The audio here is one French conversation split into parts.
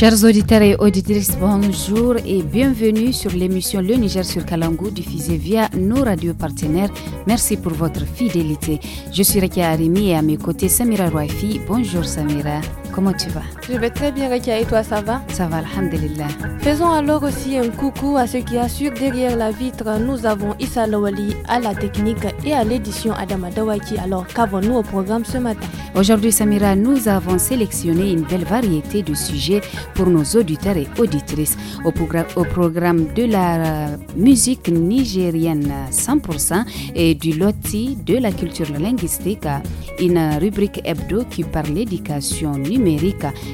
Chers auditeurs et auditrices, bonjour et bienvenue sur l'émission Le Niger sur Kalangou diffusée via nos radios partenaires. Merci pour votre fidélité. Je suis Rekia Arimi et à mes côtés Samira Rouafi. Bonjour Samira. Comment tu vas Je vais très bien, Et toi, ça va Ça va, Alhamdulillah. Faisons alors aussi un coucou à ceux qui assurent derrière la vitre. Nous avons Issa Lawali à la technique et à l'édition Adama Dawaki. Alors, qu'avons-nous au programme ce matin Aujourd'hui, Samira, nous avons sélectionné une belle variété de sujets pour nos auditeurs et auditrices. Au, programme, au programme de la euh, musique nigérienne 100% et du loti de la culture linguistique, euh, une rubrique hebdo qui parle d'éducation numérique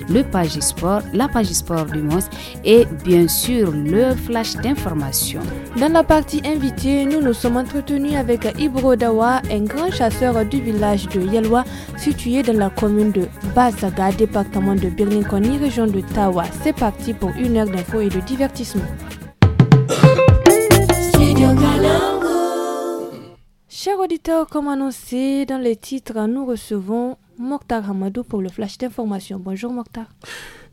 le page sport, la page sport du Mons et bien sûr le flash d'information. Dans la partie invité, nous nous sommes entretenus avec Ibro Dawa, un grand chasseur du village de Yelwa situé dans la commune de Basaga, département de Birlingoni, région de Tawa. C'est parti pour une heure d'infos et de divertissement. Chers auditeurs, comme annoncé dans les titres, nous recevons Mokhtar Hamadou pour le flash d'information. Bonjour Mokhtar.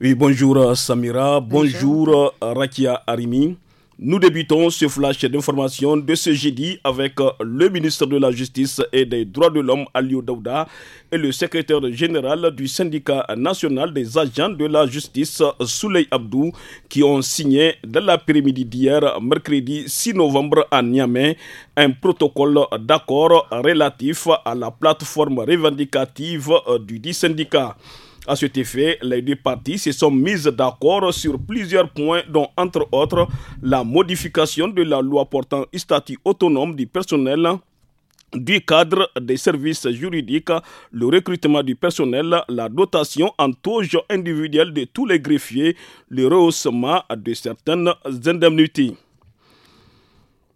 Oui, bonjour Samira. Bonjour, bonjour euh, Rakia Arimi. Nous débutons ce flash d'information de ce jeudi avec euh, le ministre de la Justice et des Droits de l'Homme, Alio Daouda, et le secrétaire général du syndicat national des agents de la justice, Souley Abdou, qui ont signé dans l'après-midi d'hier, mercredi 6 novembre à Niamey, un protocole d'accord relatif à la plateforme revendicative euh, du dit syndicat. À cet effet, les deux parties se sont mises d'accord sur plusieurs points, dont entre autres la modification de la loi portant statut autonome du personnel du cadre des services juridiques, le recrutement du personnel, la dotation en tauge individuelle de tous les greffiers, le rehaussement de certaines indemnités.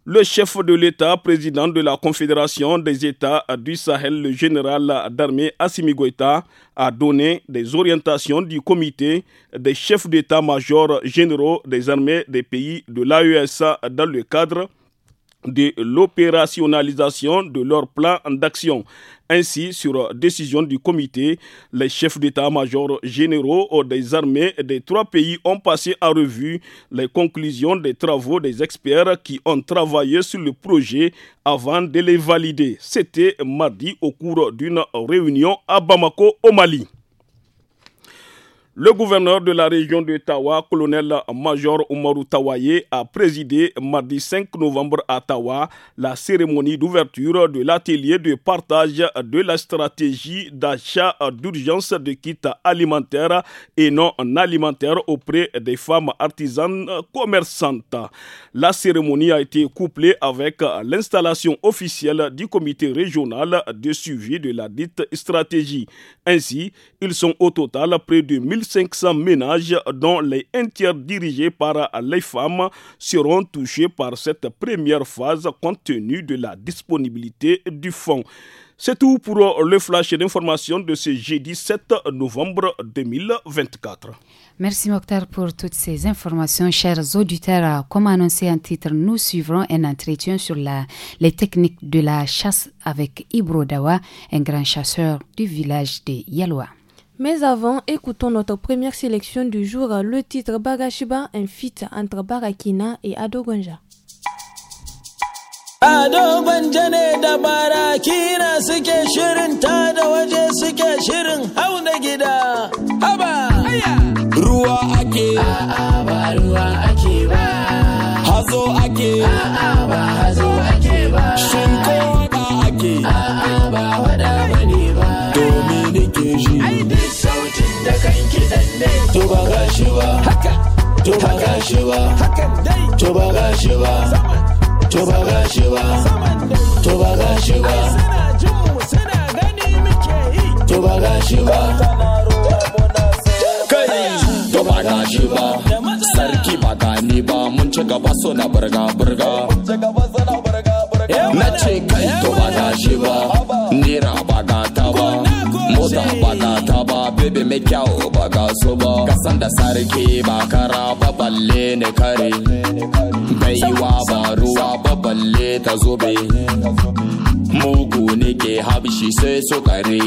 Le chef de l'État, président de la Confédération des États du Sahel, le général d'armée Assimi Goïta, a donné des orientations du comité des chefs d'État-major généraux des armées des pays de l'AESA dans le cadre de l'opérationnalisation de leur plan d'action. Ainsi, sur décision du comité, les chefs d'état-major généraux des armées des trois pays ont passé en revue les conclusions des travaux des experts qui ont travaillé sur le projet avant de les valider. C'était mardi au cours d'une réunion à Bamako, au Mali. Le gouverneur de la région de Tawa, colonel-major Omaru Tawaye, a présidé mardi 5 novembre à Tawa la cérémonie d'ouverture de l'atelier de partage de la stratégie d'achat d'urgence de kits alimentaires et non alimentaires auprès des femmes artisanes commerçantes. La cérémonie a été couplée avec l'installation officielle du comité régional de suivi de la dite stratégie. Ainsi, ils sont au total près de 1000 500 ménages, dont les un dirigés par les femmes, seront touchés par cette première phase compte tenu de la disponibilité du fonds. C'est tout pour le flash d'information de ce jeudi 7 novembre 2024. Merci Mokhtar pour toutes ces informations. Chers auditeurs, comme annoncé en titre, nous suivrons un entretien sur les techniques de la chasse avec Ibro Dawa, un grand chasseur du village de Yaloa. Mais avant, écoutons notre première sélection du jour, le titre Bagashiba, un feat entre Barakina et Adogonja. Gonja. Ado ne da barakina suke shirin ta da waje suke shirin hauna gida. Haba! Ruwa ake. A'a ba ruwa ake ba. Hazo ake. A'a ba hazo ake ba. Shinko wada ake. A'a ba wada bane ba. Domin nake shi. da kanki danne to ba gashi ba to ba gashi ba to ba gashi ba to ba gashi ba to ba gashi ba to ba gashi ba kai to ba gashi ba sarki ba gani ba mun ci gaba suna burga burga na ce kai to ba gashi ba nera ba gata ba da bana ta ba bebe mai kyau ba ga su ba kasan da sarki ba kara ba balle ne kare baiwa ba ruwa ba balle ta zobe mugu ne ke habshi sai su kare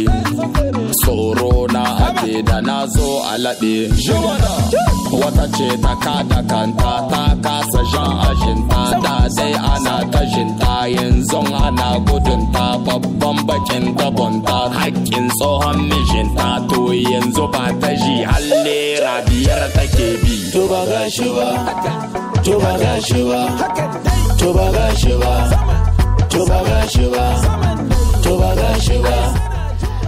tsoro na ake da na zo a laɗe wata ce ta da kanta ta kasa jan ajinta da dai ana tashinta yanzu ana gudunta babban bakin gabonta hakkin tsoha neman mijinta to yanzu ba ta ji halle rabiyar ta ke bi to ba ga shi ba to ba ga shi ba to ba ga shi ba to ba ga shi ba to ba ga shi ba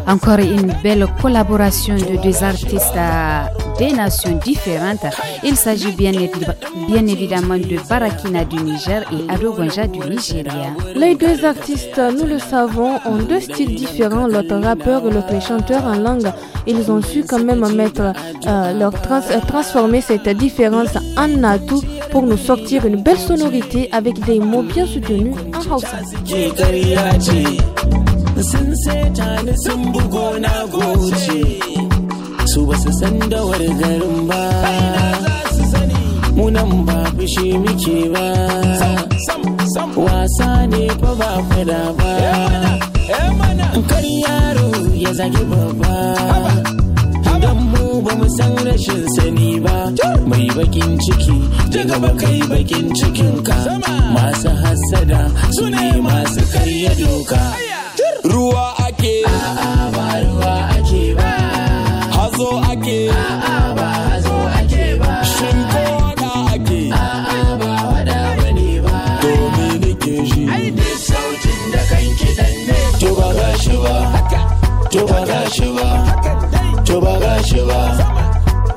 Encore une belle collaboration de deux artistes à des nations différentes. Il s'agit bien, évidemment de Barakina du Niger et Ado du Nigeria. Les deux artistes, nous le savons, ont deux styles différents, l'autre rappeur et l'autre chanteur en langue. Ils ont su quand même mettre euh, leur trans euh, transformer cette différence en atout pour nous sortir une belle sonorité avec des mots bien soutenus en français. sun seta ni sun bugo na goce su ba su san da garin ba munan ba fushi muke ba wasa ne fa ba fada ba eh, eh, kar yaro ya zagi babba don mu ba mu san rashin sani ba mai bakin ciki daga bakai bakin cikinka masu hasada su ne masu karya doka ruwa ake ba ruwa ake ba hazo ake ba hazo ake ba shinko wada ake ba wada bane ba dole ne ke shi ai duk saucin da kan kidan ne to ba ga shi ba to ba ga shi ba to ba ga shi ba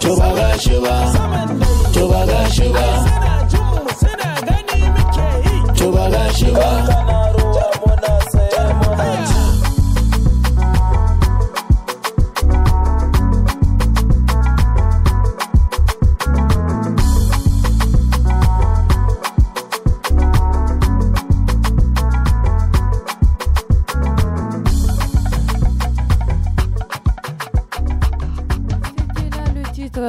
to ba ga shi ba to ba ga shi ba to ba ga shi ba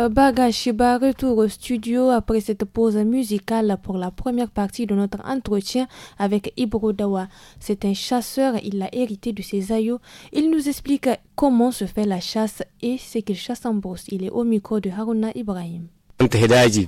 Bagashiba retour au studio après cette pause musicale pour la première partie de notre entretien avec Ibrodawa. C'est un chasseur, il l'a hérité de ses aïeux. Il nous explique comment se fait la chasse et ce qu'il chasse en bourse. Il est au micro de Haruna Ibrahim. an tafi daji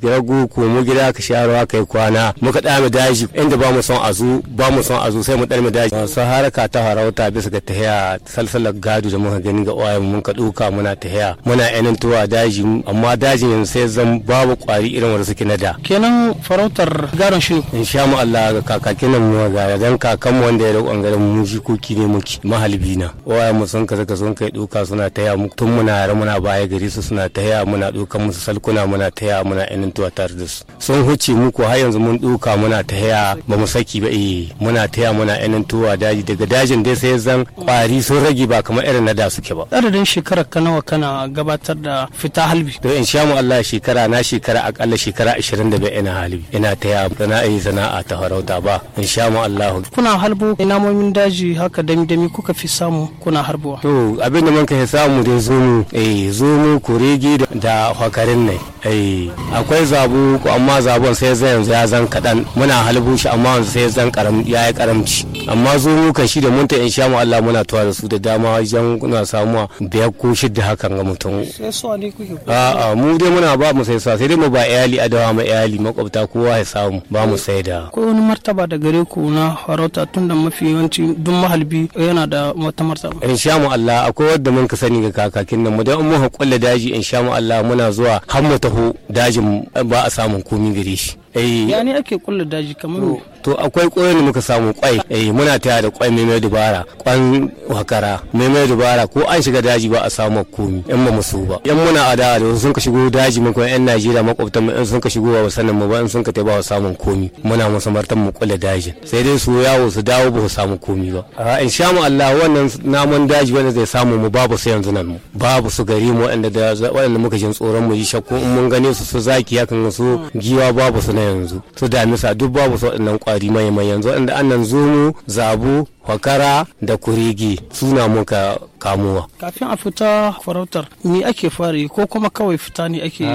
ko mu gida ka sha ruwa kai kwana muka mu daji inda ba mu son azu ba mu son azu sai mu mu daji sun haraka ta harauta bisa ga tahiya salsalar gado da muka gani ga uwaye mun ka ɗuka muna tahiya muna yanin tuwa daji amma dajin yanzu sai zan babu ƙwari irin wanda suke na da. kenan farautar garan shi. in sha mu Allah ga kakakin nan mu ga dan kakan mu wanda ya roƙon garin mu jikoki ne muke mahalbi na uwaye mu sun kaza ka sun kai ɗuka suna tahiya mu tun muna yara muna baya gari su suna tahiya muna ɗukan musu salkuna muna ta muna inintuwa tare da su sun huce muku har yanzu mun duka muna ta haya ba mu saki ba eh muna ta haya muna tuwa daji daga dajin dai sai zan kwari sun rage ba kamar irin na da suke ba adadin shekarar ka nawa kana gabatar da fita halbi to in sha mu Allah shekara na shekara akalla shekara 25 ina halbi ina ta haya sana'a sana'a ta farauta ba in sha mu Allah kuna ina namomin daji haka dami dami kuka fi samu kuna harbuwa to abin da mun ka samu dai zo eh zo kurege da hakarin ne eh eh akwai zabu amma zabon sai zai yanzu ya zan kaɗan muna halibu shi amma yanzu sai zan ya yi karamci amma zo kan shi da munta in sha mu Allah muna tuwa da su da dama wajen kuna samuwa biyar ko shidda hakan ga mutum a'a mu dai muna ba mu sai sai dai mu ba iyali adawa ma iyali makwabta kowa ya samu ba mu sai da ko wani martaba da gare ku na farauta tunda mafi yawanci duk mahalbi yana da wata martaba in sha mu Allah akwai wanda mun ka sani ga kakakin nan mu dan mu hakulla daji in sha mu Allah muna zuwa har mu taho dajin ba a samun komi gare shi. Eh, ya ne ake kulla daji kamar to akwai koyon da muka samu kwai eh muna taya da kwai mai dubara kwan wakara mai dubara ko an shiga daji ba a samu komi in ba musu ba yan muna ada da wasu sun ka shigo daji mun kuma yan Najeriya makwabtan mu in sun ka shigo ba sanin mu ba in sun ka taba samun komi muna musu martan mu kula dajin sai dai su yawo su dawo ba su samu komi ba a insha Allah wannan namun daji wanda zai samu mu babu su yanzu nan mu babu su gari mu wanda da wanda muka jin tsoron mu ji shakku in mun gane su su zaki kan su giwa babu su na yanzu su damisa duk babu su waɗannan kwari manya yanzu wanda annan zomo zabo kwakara da kurigi suna muka kamuwa kafin a fita farautar ni ake fari ko kuma kawai fita ne ake yi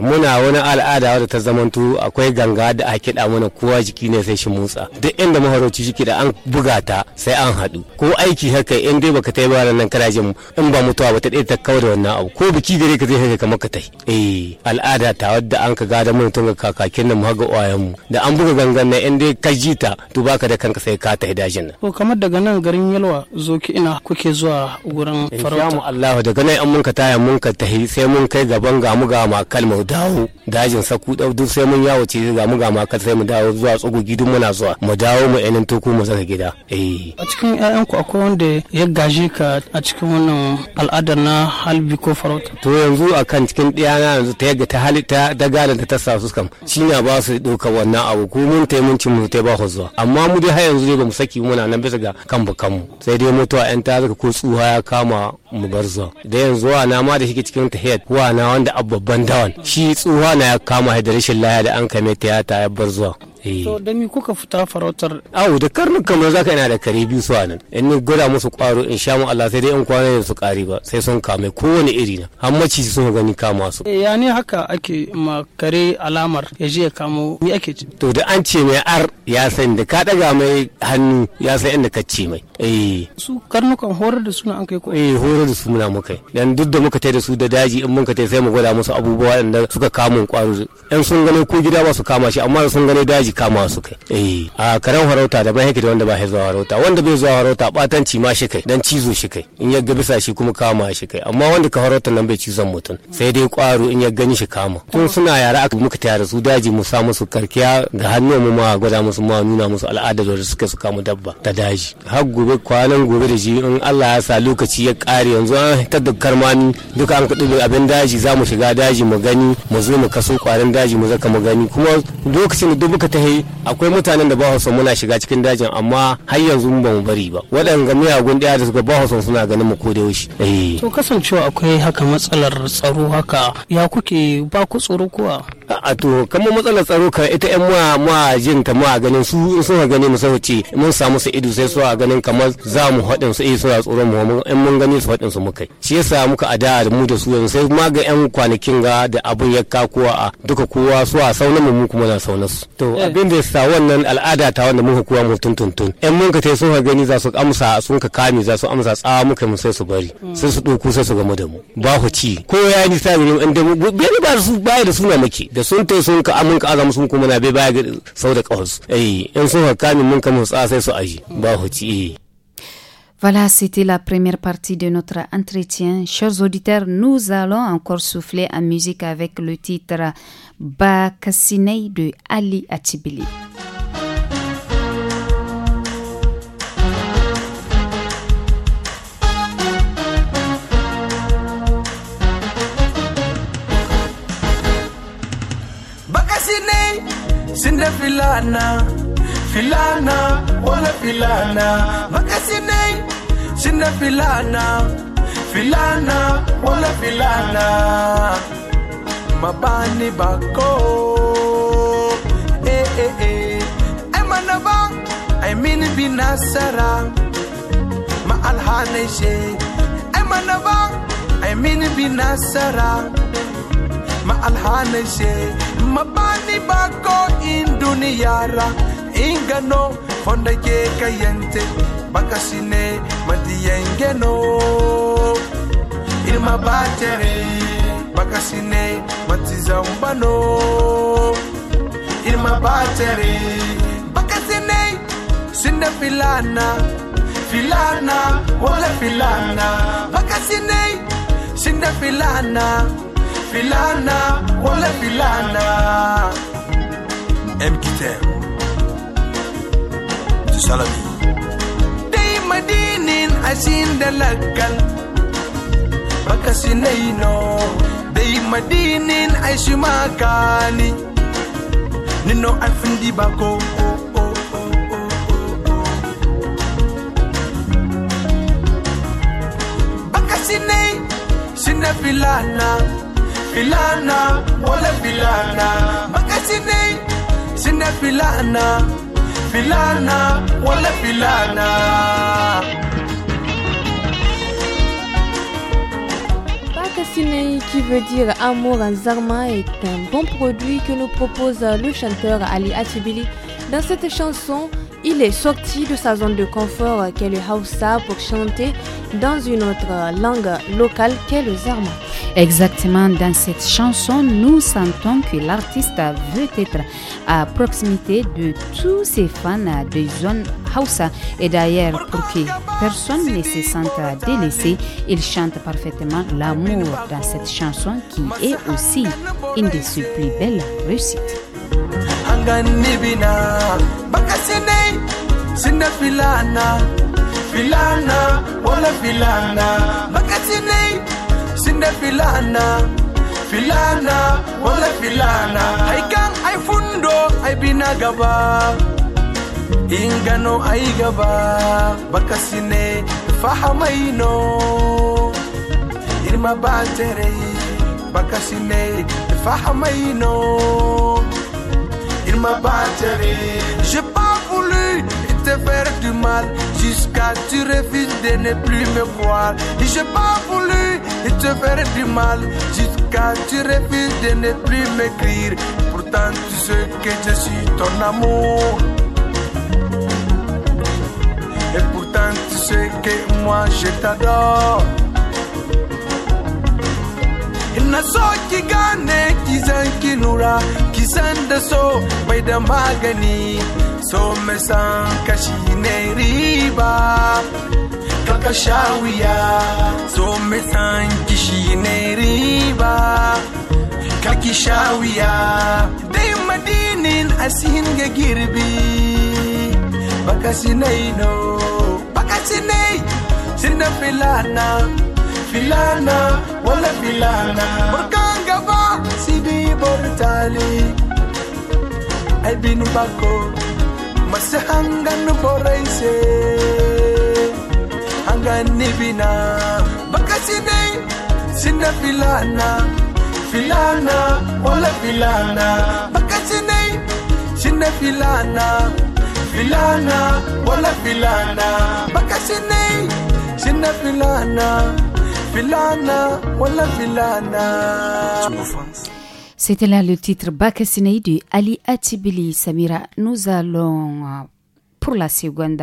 muna wani al'ada wadda ta zamantu akwai ganga da a kiɗa mana kowa jiki ne sai shi motsa duk inda maharauci shi da an buga ta sai an haɗu ko aiki haka in dai baka tai ba nan kana jin in ba mutuwa ba ta ɗaya ta kawar da wannan abu ko biki gare ka zai haka kamar ka tai eh al'ada ta wadda an ka gada mana tun kakakin nan mu haga uwayen mu da an buga gangan nan in dai ka ji ta to baka da kanka sai ka tai dajin nan har daga nan garin yalwa zo ki ina kuke zuwa gurin farauta insha Allah daga nan an munka taya munka tahi sai mun kai gaban ga mu ga makal mu dawo dajin saku dau duk sai mun yawo ce ga mu ga makal sai mu dawo zuwa tsugu gidun muna zuwa mu dawo mu ainin toku mu zaka gida eh a cikin ƴaƴan ku akwai wanda ya gaje ka a cikin wannan al'adar na halbi ko farauta to yanzu akan cikin ɗiyana yanzu ta yaga ta halitta da galan ta sa su kam shi na ba su ɗauka wannan abu ko mun taimunci mu ta ba zuwa amma mu dai har yanzu dai ba mu saki muna nan bisa da kan bakanmu sai dai mutuwa yan ta zaka ko tsuha ya kama mu bar zuwa da yanzu wa na ma da shi cikin ta head wa na wanda ban dawan shi tsuha na ya kama da rashin laya da an kame tiyata ya bar zuwa eh. to da mi kuka fita farautar awu da karnu kamar zaka ina da kare biyu su nan in ni gwada musu kwaro in sha mu Allah sai dai in kwana ne su kari ba sai sun kame kowane iri na har maci sun gani kama su eh, ya ne haka ake ma kare alamar ya je ya kamo mi ake to da an ce mai ar ya san da ka daga mai hannu ya san inda ka ce mai eh su karnukan horar da suna an kai ko eh horar da su muna muka dan duk da muka tai da su da daji in mun ka sai mu gwada musu abubuwa da suka kama kwaro yan sun gane ko gida ba su kama shi amma sun gane daji kama su kai eh a karan harauta da bai da wanda ba ya zuwa harauta wanda bai zuwa harauta batanci ma shi kai dan cizo shi kai in ya ga bisa shi kuma kama shi kai amma wanda ka harauta nan bai cizon mutum sai dai kwaro in ya gani shi kama tun suna yara aka muka tayar da su daji mu sa musu karkiya ga hannu mu ma gwada musu su ma nuna musu al'adar da suka suka mu dabba ta daji har gobe kwanan gobe da shi in Allah ya sa lokaci ya kare yanzu an hitar da karmani duka an kuɗi abin daji za mu shiga daji mu gani mu zo mu kaso kwarin daji mu zaka mu gani kuma lokacin da duk muka tahi akwai mutanen da ba su muna shiga cikin dajin amma har yanzu ba mu bari ba waɗanda miyagun ɗaya da suka ba su suna ganin mu ko da yaushe. Eh. to kasancewa akwai haka matsalar tsaro haka ya kuke ba ku tsoro kuwa. a to kamar matsalar tsaro ka ita yan ma jin ta ma ganin su suna gani mu sai ce mun samu su ido sai suna ganin kamar za mu haɗin su eh suna tsoron mu in mun gani su haɗin su muka shi yasa muka ada da mu da su yanzu sai ma ga yan kwanakin ga da abun ya kakuwa a duka kowa su a sauna mu mu kuma na sauna su to eh. abin da sa wannan al'ada ta wanda muka kuwa mu tuntuntun yan mun ka tai sun gani za su amsa sun ka kame za su amsa tsawa muka mu sai su bari mm. sai su ɗauko sai su gamu da mu ba ku ci ko ya ni sa ne inda bai ba su baya da suna muke da sun tai sun ka amun ka azamu sun kuma na bai baya sau da ƙawarsu Eh, eh. Voilà, c'était la première partie de notre entretien. Chers auditeurs, nous allons encore souffler en musique avec le titre Bakassinei de Ali Atibili. filana filana wala filana makasinai sina filana filana wala filana mabani bako eh eh eh ai manaba ai min binasara ma alhanai she ai manaba ai min binasara maalhanay ma mabani bako induniyara ingano ke kayente bakasine matiyengeno ilmabatere bakasine ma ilmabatere bakasine sine filana filana wala filana bakasine sine filana filana wole filana mkitem tisalami dai madinin asin da lakkal baka sinaino madinin aishimakani nino afindi bako Baka sinai, filana filana, wala qui veut dire amour en zarma, est un bon produit que nous propose le chanteur Ali Atibili. Dans cette chanson, il est sorti de sa zone de confort euh, qu'est le Hausa pour chanter dans une autre euh, langue locale qu'est le Exactement, dans cette chanson, nous sentons que l'artiste veut être à proximité de tous ses fans de zone Hausa. Et d'ailleurs, pour que personne ne se sente délaissé, il chante parfaitement l'amour dans cette chanson qui est aussi une de ses plus belles réussites. gangan nibina baka sinay sinda filana filana wala filana baka sinay sinda filana filana wala filana ay kan ay fundo ay binagaba ingano ay gaba baka sinay fahamayno irma baaterey baka sinay fahamayno ma batterie. J'ai pas voulu te faire du mal jusqu'à tu refuses de ne plus me voir. J'ai pas voulu te faire du mal jusqu'à tu refuses de ne plus m'écrire. Pourtant tu sais que je suis ton amour. Et pourtant tu sais que moi je t'adore. ina so ki gane ki zan ki lura ki san da so bai da magani so me san kashi ne riba kaka shawiya so me san kishi ne riba kaki shawiya dai madinin asin ga girbi baka sinai no baka sinai sinna filana filana wala filana burkan gaba sidi bortali ay binu bako masu hangan forense hangan nibina baka sinai sinda filana filana wala filana baka sinai sinda filana filana wala filana baka sinai sinda filana C'était là le titre Bakassinei du Ali Atibili Samira. Nous allons euh, pour la seconde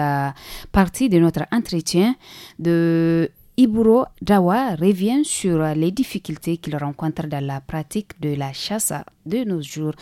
partie de notre entretien de Iburo Dawa revient sur les difficultés qu'il rencontre dans la pratique de la chasse de nos jours.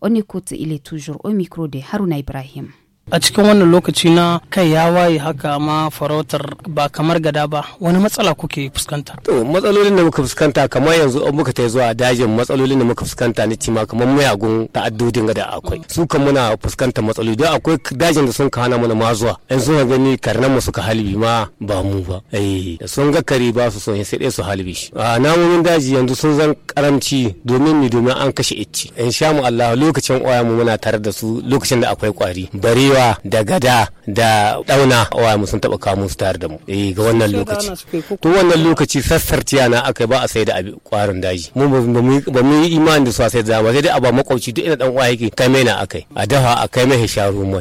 On écoute, il est toujours au micro de Haruna Ibrahim. a cikin wannan lokaci na kai ya waye haka ma farautar ba kamar gada ba wani matsala kuke fuskanta to matsalolin da muka fuskanta kamar yanzu an muka ta zuwa dajin matsalolin da muka fuskanta a cima kamar mayagun ta'addudin gada akwai su kan muna fuskanta matsaloli don akwai dajin da sun ka hana mana zuwa yan suna gani karnan mu suka halibi ma ba mu ba eh sun ga kare ba su son sai dai su halibi shi a namomin daji yanzu sun zan karamci domin ni domin an kashe icci in sha Allah lokacin waya mu muna tare da su lokacin da akwai kwari bare giwa da gada da dauna wa mu sun taba kamun su tare da mu eh ga wannan lokaci to wannan lokaci sassarciya na aka ba a sai da kwarin daji mu ba mu yi imani da su sai da ba sai dai a ba makwabci duk ina dan uwa yake kai mai na akai a dafa a kai mai sharu mu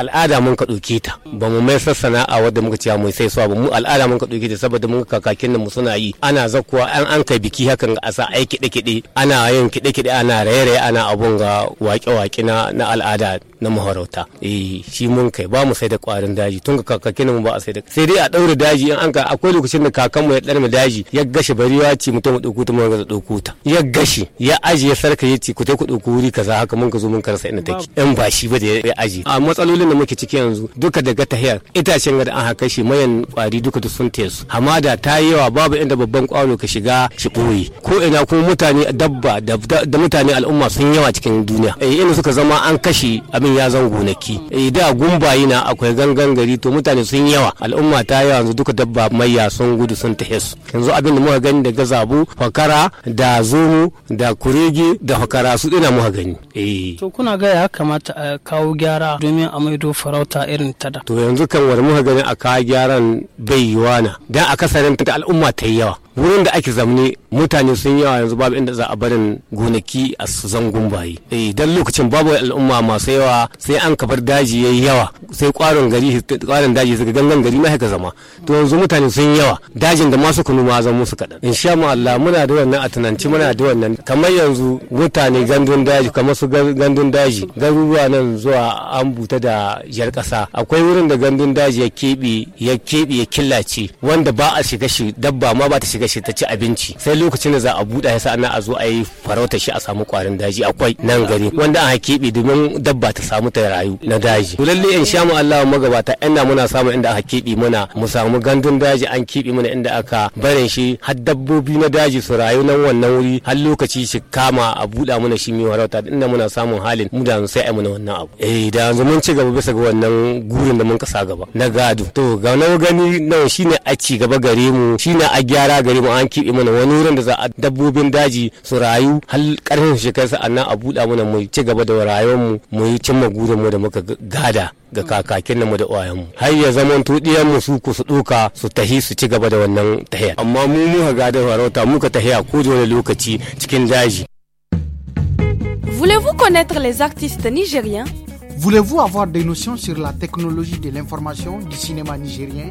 al'ada mun ka dauke ta ba mu mai sassana a wadda muka ce mu sai suwa ba mu al'ada mun ka dauke ta saboda mun kakakin nan mu suna yi ana zakkuwa an an kai biki hakan a sa aiki kiɗe kiɗe ana yin kiɗe kiɗe ana raye raye ana abun ga wake wake na na al'ada na maharauta eh tarihi shi mun kai ba mu sai da kwarin daji tun ga kakakin mu ba a sai da sai dai a daure daji in an ka akwai lokacin da kakan mu ya mu daji ya gashi ya ci mutum mu dauko ta mun ga dauko ta ya gashi ya aje ya sarka ya ci ku ta ku dauko wuri kaza haka mun ka zo mun karsa ina take in ba shi ba da ya aje a matsalolin da muke ciki yanzu duka daga tahiyar itacen ga da an haka shi mayan kwari duka da sun tesu hamada ta yi yawa babu inda babban kwaro ka shiga shi boye ko ina ko mutane dabba da mutane al'umma sun yawa cikin duniya eh ina suka zama an kashe abin ya zan gonaki Eh, da gumbayi na akwai gangan gari to mutane sun yawa al'umma ta yawa yanzu duka dabba mayya sun gudu sun ta su yanzu abin da muka gani daga zabu fakara da zomo da kurege da fakara su dina muka gani eh to kuna ga ya kamata a kawo gyara domin a maido farauta irin ta da to yanzu kan war muka gani a kawo gyaran bai yiwa na dan akasarin ta al'umma ta yawa wurin da ake zamani mutane sun yawa yanzu babu inda za a barin gonaki a zangon bayi eh dan lokacin babu al'umma masu yawa sai an kabar daji yayi yawa sai kwarin gari kwarin daji suka gangan gari mai haka zama to yanzu mutane sun yawa dajin da masu kunu ma zan musu kadan insha Allah muna da wannan a tunanci muna da wannan kamar yanzu mutane gandun daji kamar su gandun daji garuruwa nan zuwa an buta da jar kasa akwai wurin da gandun daji ya kebe ya kebe ya killace wanda ba a shiga shi dabba ma ba ta shiga shiga shi ta ci abinci sai lokacin da za a buɗe yasa ana a zo a yi farauta shi a samu kwarin daji akwai nan gari wanda a keɓe domin dabba ta samu ta rayu na daji to lalle in sha mu Allah magabata ina muna samu inda aka keɓe muna mu samu gandun daji an keɓe muna inda aka barin shi har dabbobi na daji su rayu nan wannan wuri har lokaci shi kama a buɗa muna shi mai farauta inda muna samun halin mu da sai a muna wannan abu eh da yanzu mun ci gaba bisa ga wannan gurin da mun kasa gaba na gado to ga na gani nan shine a ci gaba gare mu shine a gyara gari ba an keɓe mana wani wurin da za a dabbobin daji su rayu har ƙarfin shekarsa a nan a buɗa mana mu ci gaba da rayuwarmu mu yi cimma mu da muka gada ga kakakin namu da mu har ya zaman tuɗiyan mu su ku su duka su tahi su ci gaba da wannan tahiya amma mu muka gada farauta muka tahiya ko da wani lokaci cikin daji. Voulez-vous connaître les artistes nigériens Voulez-vous avoir des notions sur la technologie de l'information du cinéma nigérien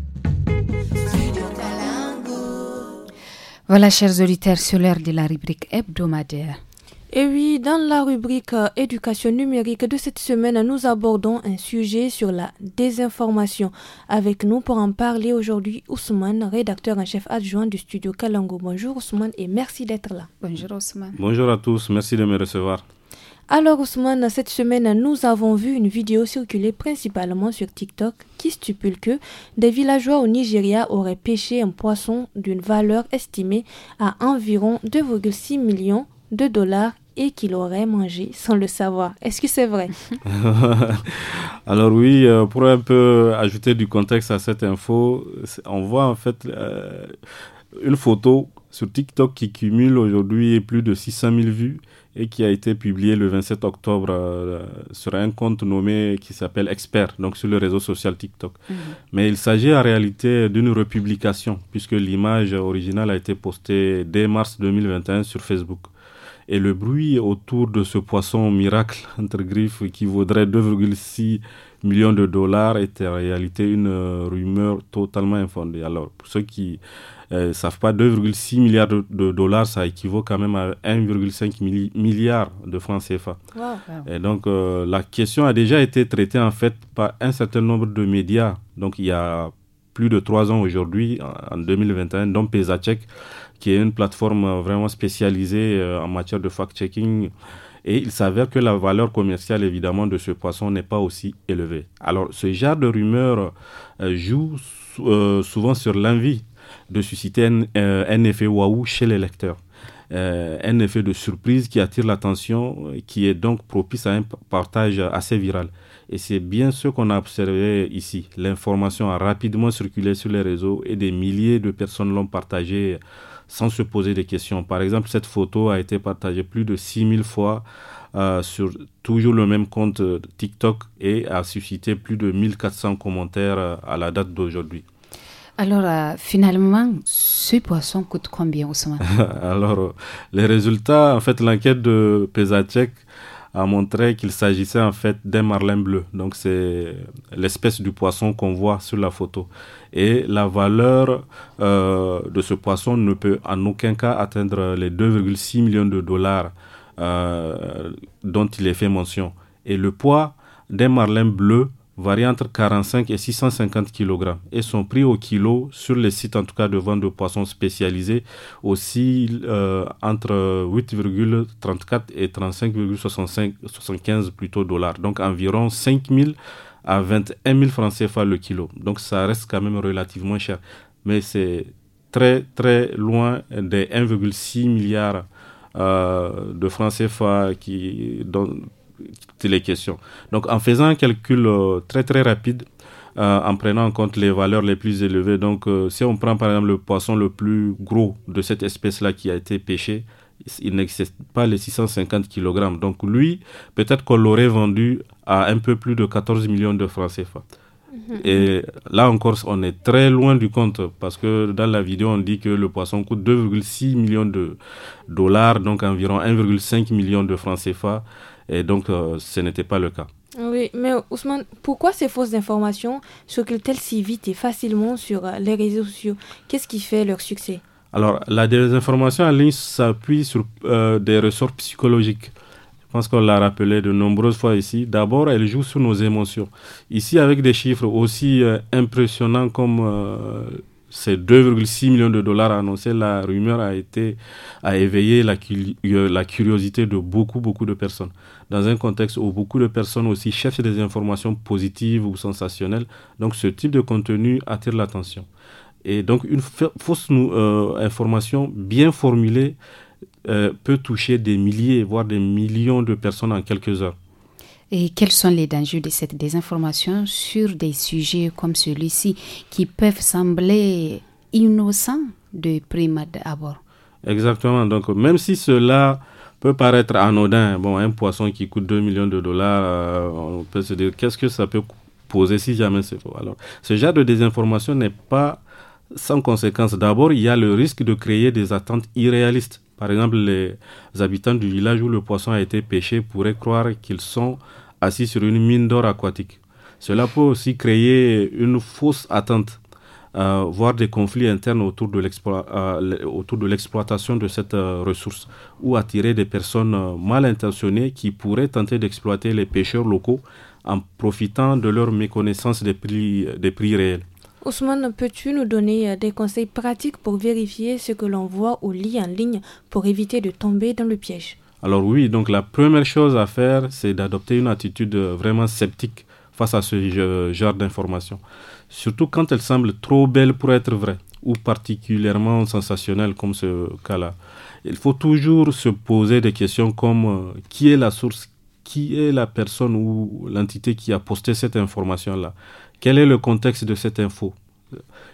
Voilà, chers auditeurs, sur l'heure de la rubrique hebdomadaire. Et oui, dans la rubrique euh, éducation numérique de cette semaine, nous abordons un sujet sur la désinformation. Avec nous pour en parler aujourd'hui, Ousmane, rédacteur en chef adjoint du studio Kalango. Bonjour Ousmane et merci d'être là. Bonjour Ousmane. Bonjour à tous, merci de me recevoir. Alors Ousmane, cette semaine, nous avons vu une vidéo circuler principalement sur TikTok qui stipule que des villageois au Nigeria auraient pêché un poisson d'une valeur estimée à environ 2,6 millions de dollars et qu'il aurait mangé sans le savoir. Est-ce que c'est vrai Alors oui, euh, pour un peu ajouter du contexte à cette info, on voit en fait euh, une photo sur TikTok qui cumule aujourd'hui plus de 600 000 vues et qui a été publié le 27 octobre euh, sur un compte nommé qui s'appelle Expert, donc sur le réseau social TikTok. Mhm. Mais il s'agit en réalité d'une republication, puisque l'image originale a été postée dès mars 2021 sur Facebook. Et le bruit autour de ce poisson miracle, entre griffes, qui vaudrait 2,6 millions de dollars, était en réalité une euh, rumeur totalement infondée. Alors, pour ceux qui euh, ne pas 2,6 milliards de, dollars, ça équivaut quand même à 1,5 milliard de francs CFA. Et donc euh, la question a déjà été traitée en fait par un certain nombre de médias. Donc il y a plus de trois ans aujourd'hui, en 2021, dont Pesachek, qui est une plateforme vraiment spécialisée euh, en matière de fact-checking. Et il s'avère que la valeur commerciale, évidemment, de ce poisson n'est pas aussi élevée. Alors, ce genre de rumeur euh, joue souvent sur l'envie de susciter euh, un, effet waouh chez les lecteurs. Euh, un effet de surprise qui attire l'attention, euh, qui est donc propice à un partage assez viral. Et c'est bien ce qu'on a observé ici. L'information a rapidement circulé sur les réseaux et des milliers de personnes l'ont partagée sans se poser des questions. Par exemple, cette photo a été partagée plus de 6000 fois sur toujours le même compte TikTok et a suscité plus de 1400 commentaires à la date d'aujourd'hui. Alors, euh, finalement, ce poisson coûte combien, au sommet Alors, les résultats, en fait, l'enquête de Pesachek a montré qu'il s'agissait en fait d'un marlin bleu. Donc, c'est l'espèce du poisson qu'on voit sur la photo. Et la valeur euh, de ce poisson ne peut en aucun cas atteindre les 2,6 millions de dollars euh, dont il est fait mention. Et le poids d'un marlin bleu varient entre 45 et 650 kg et sont pris au kilo sur les sites en tout cas de vente de poissons spécialisés aussi euh, entre 8,34 et 35,75 plutôt dollars donc environ 5 000 à 21 000 francs CFA le kilo donc ça reste quand même relativement cher mais c'est très très loin des 1,6 milliard euh, de francs CFA qui toutes les questions. Donc en faisant un calcul euh, très très rapide, euh, en prenant en compte les valeurs les plus élevées. Donc, euh, si on prend par exemple le poisson le plus gros de cette espèce-là qui a été pêché, il n'existe pas les 650 kg. Donc, lui, peut-être qu'on l'aurait vendu à un peu plus de 14 millions de francs CFA. Mhm. Et là encore, on est très loin du compte parce que dans la vidéo, on dit que le poisson coûte 2,6 millions de dollars, donc environ 1,5 million de francs CFA. Et donc, euh, ce n'était pas le cas. Oui, mais Ousmane, pourquoi ces fausses informations circulent-elles si vite et facilement sur euh, les réseaux sociaux Qu'est-ce qui fait leur succès Alors, la désinformation en ligne s'appuie sur euh, des ressorts psychologiques. Je pense qu'on l'a rappelé de nombreuses fois ici. D'abord, elle joue sur nos émotions. Ici, avec des chiffres aussi impressionnants comme ces 2,6 millions de dollars annoncés, la rumeur a été éveillé euh, la, curiosité de beaucoup beaucoup de personnes. Dans un contexte où beaucoup de personnes aussi cherchent des informations positives ou sensationnelles, donc ce type de contenu attire l'attention. Et donc une fausse euh, information bien formulée euh, peut toucher des milliers voire des millions de personnes en quelques heures. Et quels sont les dangers de cette désinformation sur des sujets comme celui-ci qui peuvent sembler innocents de prime abord Exactement. Donc, même si cela peut paraître anodin, bon, un poisson qui coûte 2 millions de dollars, euh, on peut se dire qu'est-ce que ça peut poser si jamais c'est faux. Alors, ce genre de désinformation n'est pas sans conséquence. D'abord, il y a le risque de créer des attentes irréalistes. Par exemple, les habitants du village où le poisson a été pêché pourraient croire qu'ils sont assis sur une mine d'or aquatique. Cela peut aussi créer une fausse attente, euh, voire des conflits internes autour de euh, l'exploitation de, cette euh, ressource, ou attirer des personnes mal intentionnées qui pourraient tenter d'exploiter les pêcheurs locaux en profitant de leur méconnaissance des prix, des prix réels. Ousmane, peux-tu nous donner des conseils pratiques pour vérifier ce que l'on voit au lit en ligne pour éviter de tomber dans le piège alors oui, donc la première chose à faire, c'est d'adopter une attitude vraiment sceptique face à ce genre d'informations, surtout quand elles semblent trop belles pour être vraies ou particulièrement sensationnelles comme ce cas-là. Il faut toujours se poser des questions comme euh, qui est la source, qui est la personne ou l'entité qui a posté cette information-là, quel est le contexte de cette info,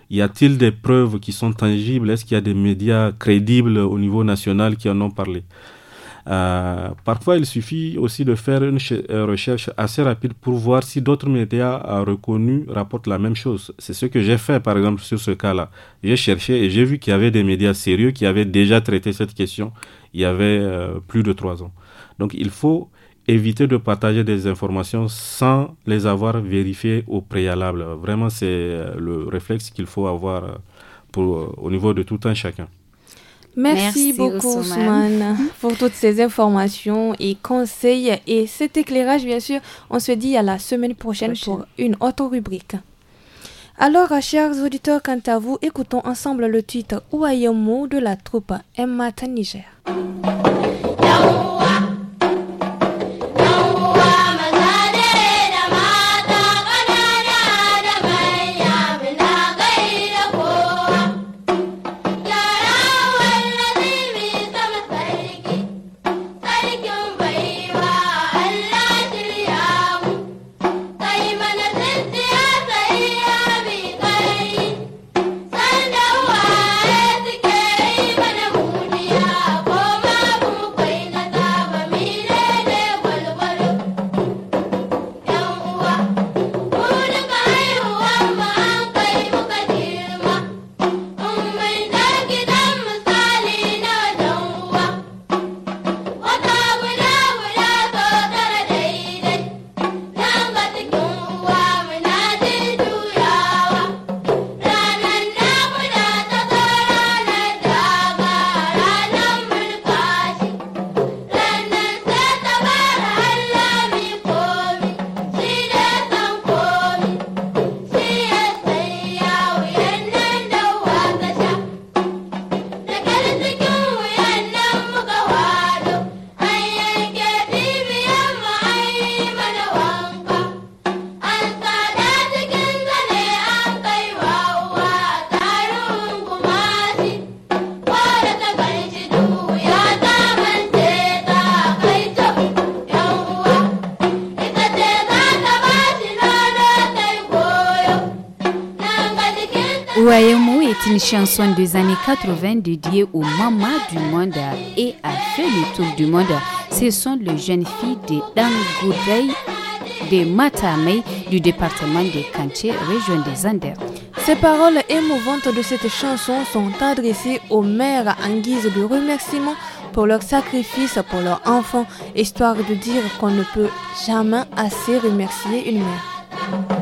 y a-t-il des preuves qui sont tangibles Est-ce qu'il y a des médias crédibles au niveau national qui en ont parlé euh, parfois, il suffit aussi de faire une euh, recherche assez rapide pour voir si d'autres médias euh, reconnus rapportent la même chose. C'est ce que j'ai fait, par exemple, sur ce cas-là. J'ai cherché et j'ai vu qu'il y avait des médias sérieux qui avaient déjà traité cette question il y avait plus de trois ans. Donc, il faut éviter de partager des informations sans les avoir vérifiées au préalable. Vraiment, c'est le réflexe qu'il faut avoir au niveau de tout un chacun. Merci, beaucoup, Ousmane, pour toutes ces informations et conseils et cet éclairage, bien sûr. On se dit à la semaine prochaine, pour une autre rubrique. Alors, chers auditeurs, quant à vous, écoutons ensemble le titre Ouayemo de la troupe Emma Niger. Wayamo est une chanson des années 80 dédiée aux mamans du monde et a fait le tour du monde. Ce sont les jeunes filles de Dangoudei de Matamei du département de Kanché, région des Andes. Ces paroles émouvantes de cette chanson sont adressées aux mères en guise de remerciement pour leur sacrifice pour leurs enfants, histoire de dire qu'on ne peut jamais assez remercier une mère.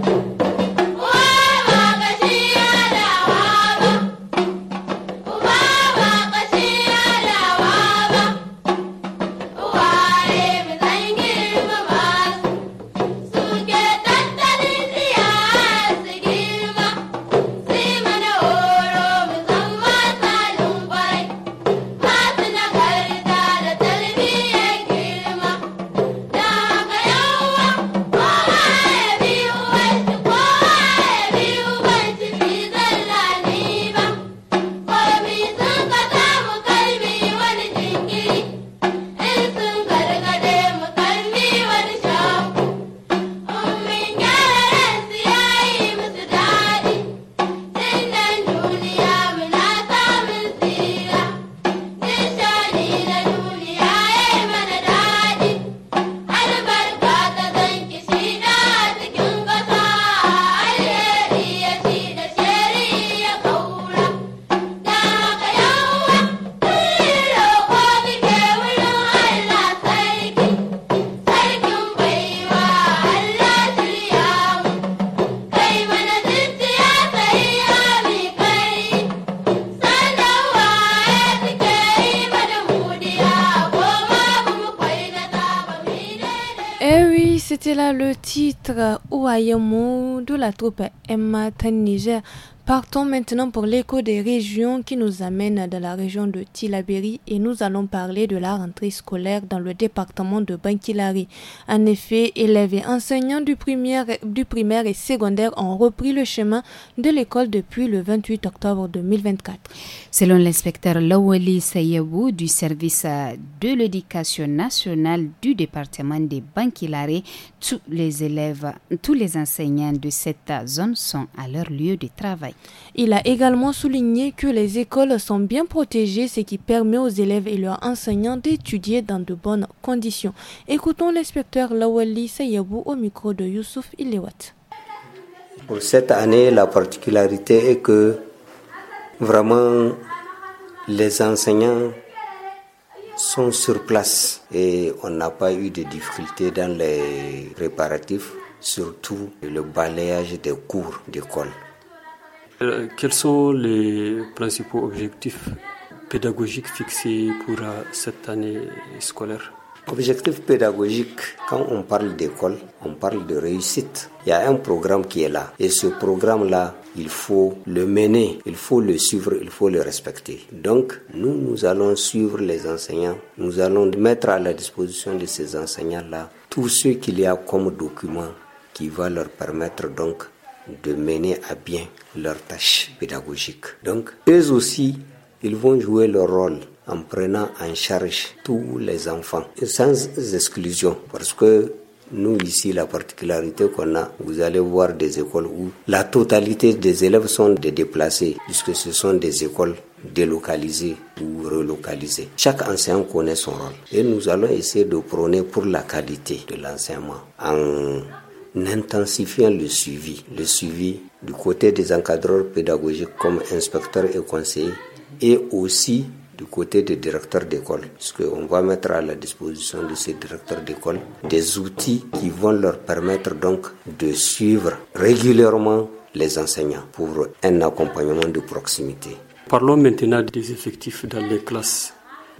c'était là le titre Ayamu de la troupe Emma Tan Niger. Partons maintenant pour l'écho des régions qui nous amène dans la région de Tilaberi et nous allons parler de la rentrée scolaire dans le département de Bankilari. En effet, élèves et enseignants du primaire, et secondaire ont repris le chemin de l'école depuis le 28 octobre 2024. Selon l'inspecteur Lawali Sayewu du service de l'éducation nationale du département de Bankilari, tous les élèves, tous les enseignants de cette zone sont à leur lieu de travail. Il a également souligné que les écoles sont bien protégées, ce qui permet aux élèves et leurs enseignants d'étudier dans de bonnes conditions. Écoutons l'inspecteur Lawali Sayabou au micro de Youssouf Illewat. Pour cette année, la particularité est que vraiment les enseignants sont sur place et on n'a pas eu de difficultés dans les préparatifs, surtout le balayage des cours d'école. Euh, quels sont les principaux objectifs pédagogiques fixés pour euh, cette année scolaire Objectif pédagogique, quand on parle d'école, on parle de réussite. Il y a un programme qui est là. Et ce programme-là, il faut le mener, il faut le suivre, il faut le respecter. Donc, nous, nous allons suivre les enseignants. Nous allons mettre à la disposition de ces enseignants-là tout ce qu'il y a comme document qui va leur permettre donc de mener à bien leurs tâches pédagogiques. Donc, eux aussi, ils vont jouer leur rôle en prenant en charge tous les enfants, sans exclusion, parce que nous, ici, la particularité qu'on a, vous allez voir des écoles où la totalité des élèves sont des déplacés, puisque ce sont des écoles délocalisées ou relocalisées. Chaque enseignant connaît son rôle. Et nous allons essayer de prôner pour la qualité de l'enseignement en intensifiant le suivi, le suivi du côté des encadreurs pédagogiques comme inspecteurs et conseillers, et aussi du côté des directeurs d'école, puisqu'on va mettre à la disposition de ces directeurs d'école des outils qui vont leur permettre donc de suivre régulièrement les enseignants pour un accompagnement de proximité. Parlons maintenant des effectifs dans les classes.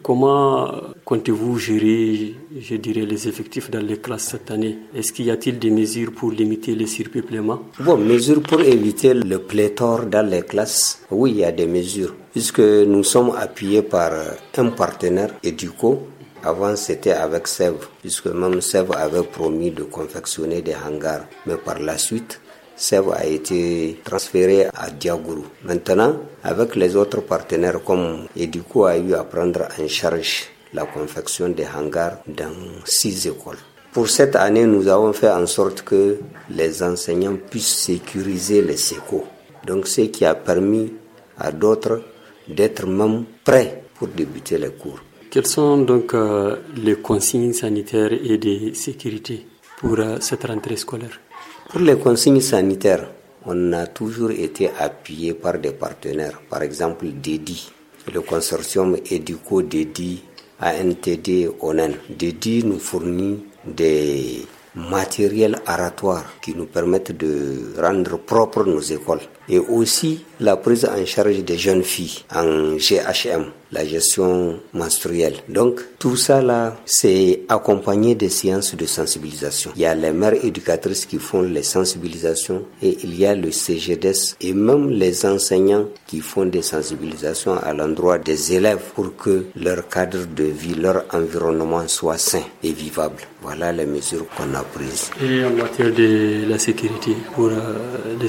Comment comptez-vous gérer, je dirais, les effectifs dans les classes cette année Est-ce qu'il y a-t-il des mesures pour limiter le surpeuplement Bon, mesures pour éviter le pléthore dans les classes Oui, il y a des mesures, puisque nous sommes appuyés par euh, un partenaire éduco avant, c'était avec Sèvres, puisque même Sèvres avait promis de confectionner des hangars. Mais par la suite, SEV a été transféré à Diagourou. Maintenant, avec les autres partenaires comme EDUCO a eu à prendre en charge la confection des hangars dans six écoles. Pour cette année, nous avons fait en sorte que les enseignants puissent sécuriser les SECO. Donc, ce qui a permis à d'autres d'être même prêts pour débuter les cours. Quelles sont donc euh, les consignes sanitaires et de sécurité pour euh, cette rentrée scolaire pour les consignes sanitaires, on a toujours été appuyé par des partenaires, par exemple DEDI, le consortium éduco DEDI, ANTD, ONEN. DEDI nous fournit des matériels aratoires qui nous permettent de rendre propres nos écoles et aussi la prise en charge des jeunes filles en GHM, la gestion menstruelle. Donc tout ça là, c'est accompagné des séances de sensibilisation. Il y a les mères éducatrices qui font les sensibilisations et il y a le CGDS et même les enseignants qui font des sensibilisations à l'endroit des élèves pour que leur cadre de vie, leur environnement soit sain et vivable. Voilà les mesures qu'on a prises. Et en matière de la sécurité pour les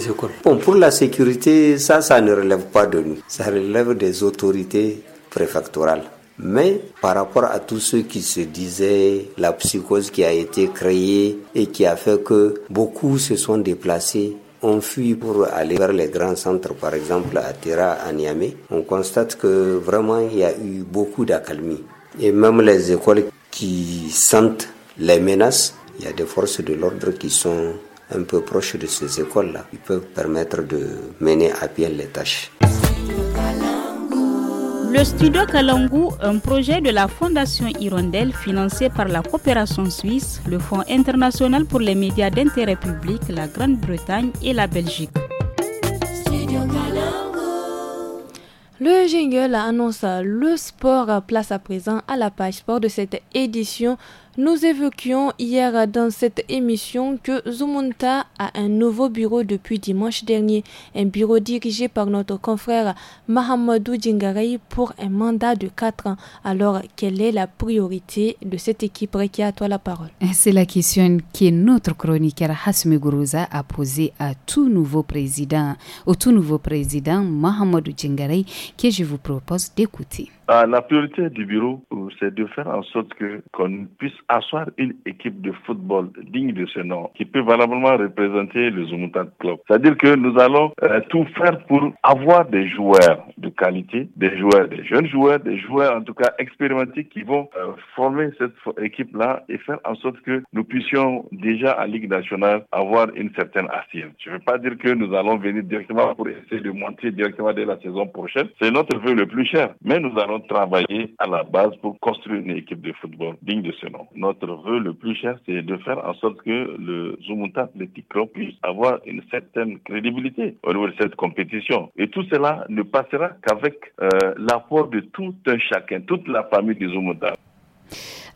euh, écoles bon, Pour la sécurité, ça, ça ne relève pas de nous. Ça relève des autorités préfectorales. Mais par rapport à tous ceux qui se disaient la psychose qui a été créée et qui a fait que beaucoup se sont déplacés, ont fui pour aller vers les grands centres, par exemple à Tera, à Niamey, on constate que vraiment il y a eu beaucoup d'accalmie. Et même les écoles qui sentent les menaces, il y a des forces de l'ordre qui sont un peu proche de ces écoles-là, qui peuvent permettre de mener à bien les tâches. Le studio Kalangu, un projet de la Fondation Hirondelle financé par la coopération suisse, le Fonds international pour les médias d'intérêt public, la Grande-Bretagne et la Belgique. Le jingle annonce le sport. Place à présent à la page sport de cette édition nous évoquions hier dans cette émission que Zumunta a un nouveau bureau depuis dimanche dernier, un bureau dirigé par notre confrère Mahamadou Djingarei pour un mandat de 4 ans. Alors, quelle est la priorité de cette équipe Rekia, à toi la parole. C'est la question que notre chroniqueur Hasme Gourouza a posée à tout nouveau président, au tout nouveau président Mahamadou Djingarei que je vous propose d'écouter. Ah, la priorité du bureau, euh, c'est de faire en sorte que qu'on puisse asseoir une équipe de football digne de ce nom, qui peut valablement représenter le Zumutat Club. C'est-à-dire que nous allons euh, tout faire pour avoir des joueurs de qualité, des joueurs, des jeunes joueurs, des joueurs en tout cas expérimentés qui vont euh, former cette équipe-là et faire en sorte que nous puissions déjà à Ligue nationale avoir une certaine assise. Je ne veux pas dire que nous allons venir directement pour essayer de monter directement dès la saison prochaine. C'est notre vœu le plus cher, mais nous allons Travailler à la base pour construire une équipe de football digne de ce nom. Notre vœu le plus cher, c'est de faire en sorte que le Zoumouta, le Club puisse avoir une certaine crédibilité au niveau de cette compétition. Et tout cela ne passera qu'avec euh, l'apport de tout un chacun, toute la famille des Zoumouta.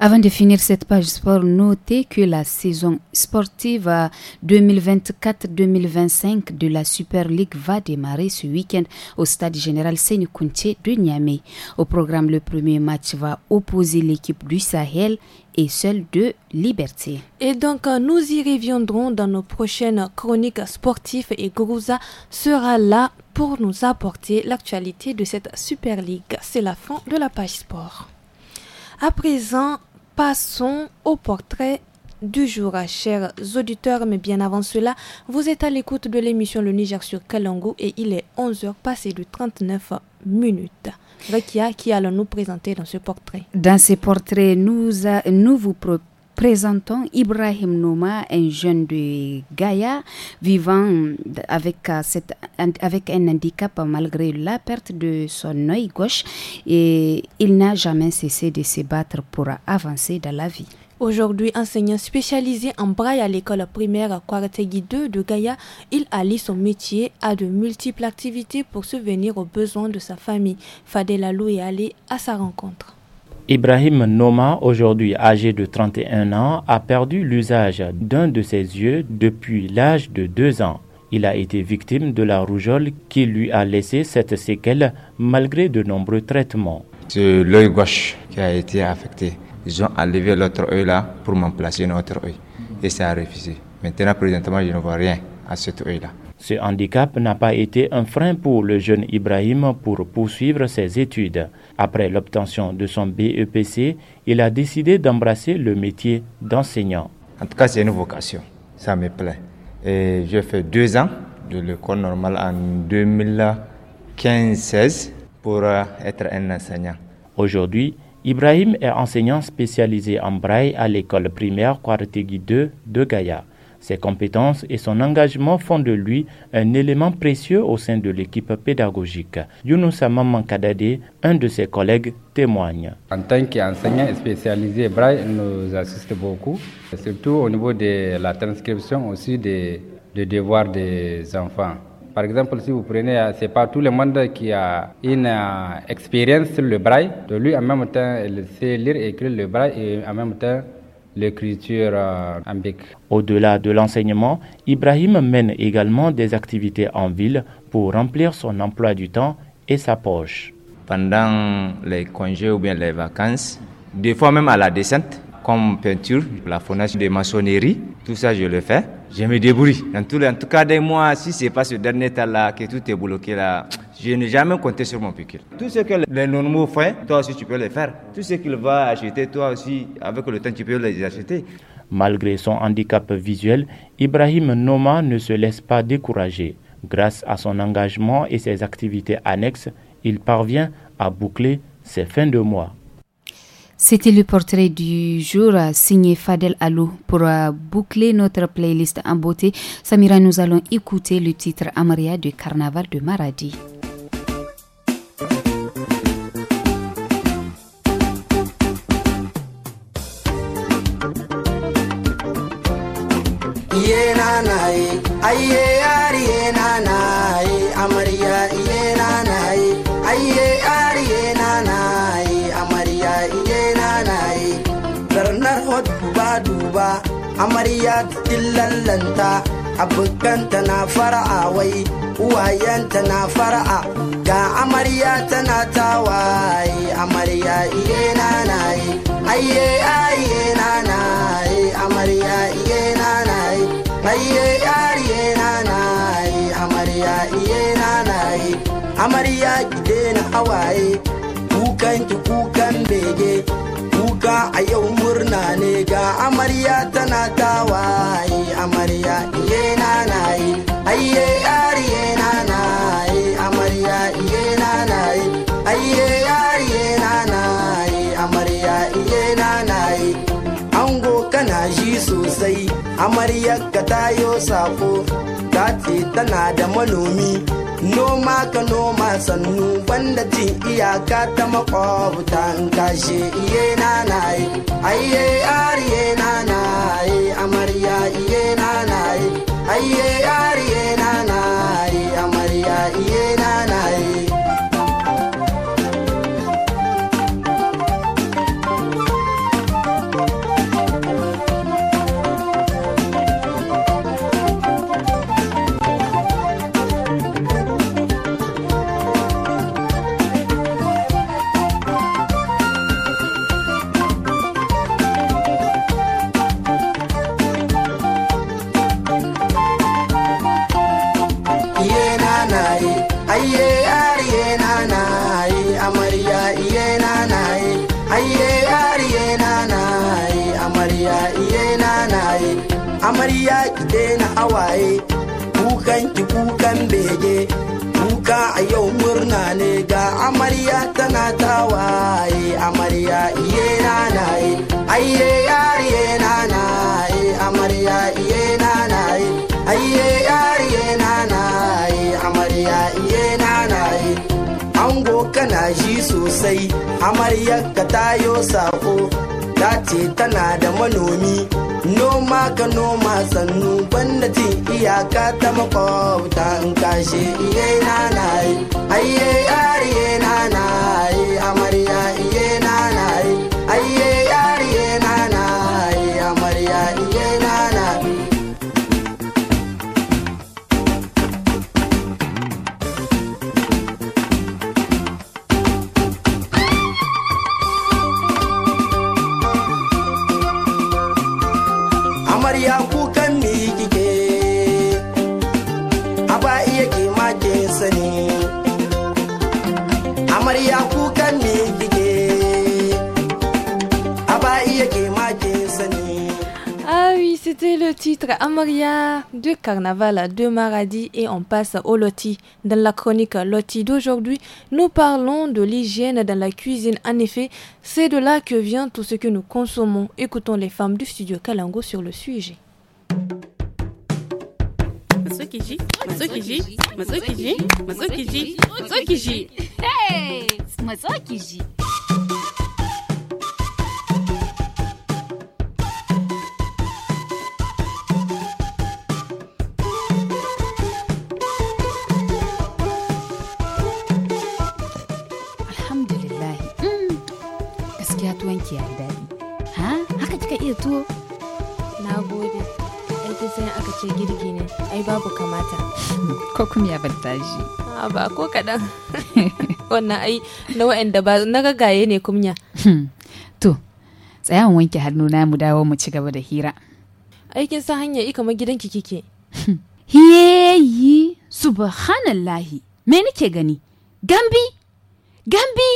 Avant de finir cette page sport, notez que la saison sportive 2024-2025 euh, de la Super League va démarrer ce week-end au stade général Seine-Countier de Niamey. Au programme, le premier match va opposer l'équipe du Sahel et celle de Liberté. Et donc, euh, nous y reviendrons dans nos prochaines chroniques sportives et Gourouza sera là pour nous apporter l'actualité de cette Super League. C'est la fin de la page sport. À présent, Passons au portrait du jour, chers auditeurs. Mais bien avant cela, vous êtes à l'écoute de l'émission Le Niger sur Kalango et il est 11h passé de 39 minutes. Rekia, qui allons-nous présenter dans ce portrait Dans ce portrait, nous, nous vous proposons présentons Ibrahim Nouma, un jeune de Gaïa vivant avec, euh, avec un handicap malgré la perte de son œil gauche et il n'a jamais cessé de se battre pour avancer dans la vie. Aujourd'hui enseignant spécialisé en braille à l'école primaire à 2 de Gaïa, il allie son métier à de multiples activités pour subvenir aux besoins de sa famille. Fadela Lou est allé à sa rencontre. Ibrahim Noma, aujourd'hui âgé de 31 ans, a perdu l'usage d'un de ses yeux depuis l'âge de 2 ans. Il a été victime de la rougeole qui lui a laissé cette séquelle malgré de nombreux traitements. C'est l'œil gauche qui a été affecté. Ils ont enlevé l'autre œil là pour m'en placer un autre œil. Et ça a refusé. Maintenant, présentement, je ne vois rien à cet œil là. Ce handicap n'a pas été un frein pour le jeune Ibrahim pour poursuivre ses études. Après l'obtention de son BEPC, il a décidé d'embrasser le métier d'enseignant. En tout cas, c'est une vocation. Ça me plaît. Et j'ai fait deux ans de l'école normale en 2015-16 pour euh, être un enseignant. Aujourd'hui, Ibrahim est enseignant spécialisé en braille à l'école primaire Quartegui 2 de Gaïa. Ses compétences et son engagement font de lui un élément précieux au sein de l'équipe pédagogique. Younousa Mankadade, un de ses collègues, témoigne. En tant qu'enseignant spécialisé, Braille nous assiste beaucoup, surtout au niveau de la transcription aussi des, devoirs des enfants. Par exemple, si vous prenez, c'est pas tout le monde qui a une euh, expérience sur le braille. De lui, en même temps, il sait lire et écrire le braille et en même temps, l'écriture euh, Au-delà de l'enseignement, Ibrahim mène également des activités en ville pour remplir son emploi du temps et sa poche. Pendant les congés ou bien les vacances, des fois même à la descente, comme peinture, la plafonnage des maçonnerie, tout ça je le fais. Je me débrouille. En tout, cas, des mois, si ce c'est pas ce dernier temps-là que tout est bloqué là, je n'ai jamais compté sur mon pécule. Tout ce que les normaux font, toi aussi tu peux le faire. Tout ce qu'il va acheter, toi aussi, avec le temps, tu peux les acheter. Malgré son handicap visuel, Ibrahim Noma ne se laisse pas décourager. Grâce à son engagement et ses activités annexes, il parvient à boucler ses fins de mois. C'était le portrait du jour euh, signé Fadel Alou. Pour euh, boucler notre playlist en beauté, Samira, nous allons écouter le titre Amaria du Carnaval de Maradi. amarya dillallanta abokanta na fara'a wai uwayenta na fara'a ga amarya tana tawaye amarya iye na aye na na nanaye amarya iye na nanaye na na nanaye amarya iye na nanaye amarya ki na hawaye kukan ki kukan bege kuka a yau murna ne ga amarya tana tawaye amarya iye na na. nanaye aiye yariye yi amarya iye na na. nanaye aiye yariye yi amarya iye na nanaye ango kana ji sosai amarya ka tayo sako ce tana da manomi noma ka noma sannu banda ji iyaka ta makwabta in kashe iye yi aiye ariye yi amarya iye na na yi aiye ariye ko ko tang kai si ye na nai ai ai carnaval de Maradi et on passe au loti. Dans la chronique loti d'aujourd'hui, nous parlons de l'hygiène dans la cuisine. En effet, c'est de là que vient tout ce que nous consommons. Écoutons les femmes du studio Kalango sur le sujet. Hey tuwo na gode ai sai aka ce girki ne ai babu kamata ko kuma ya banta shi a ba ko kaɗan wannan ai na wa'anda ba na gagaye ne kumya hmm. to tsayawan wanke hannu na mu dawo mu ci gaba da hira aikin sa hanya i kamar gidanki kike hmm. yi subhanallahi me nake gani gambi gambi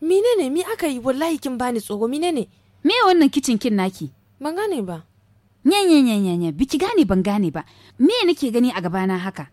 menene mi aka yi wallahi kin bani tsoro menene ne Me wannan kicin kin naki? Ban gane ba. Nye nye nye biki gane ban gane ba. Me nake gani a gabana haka?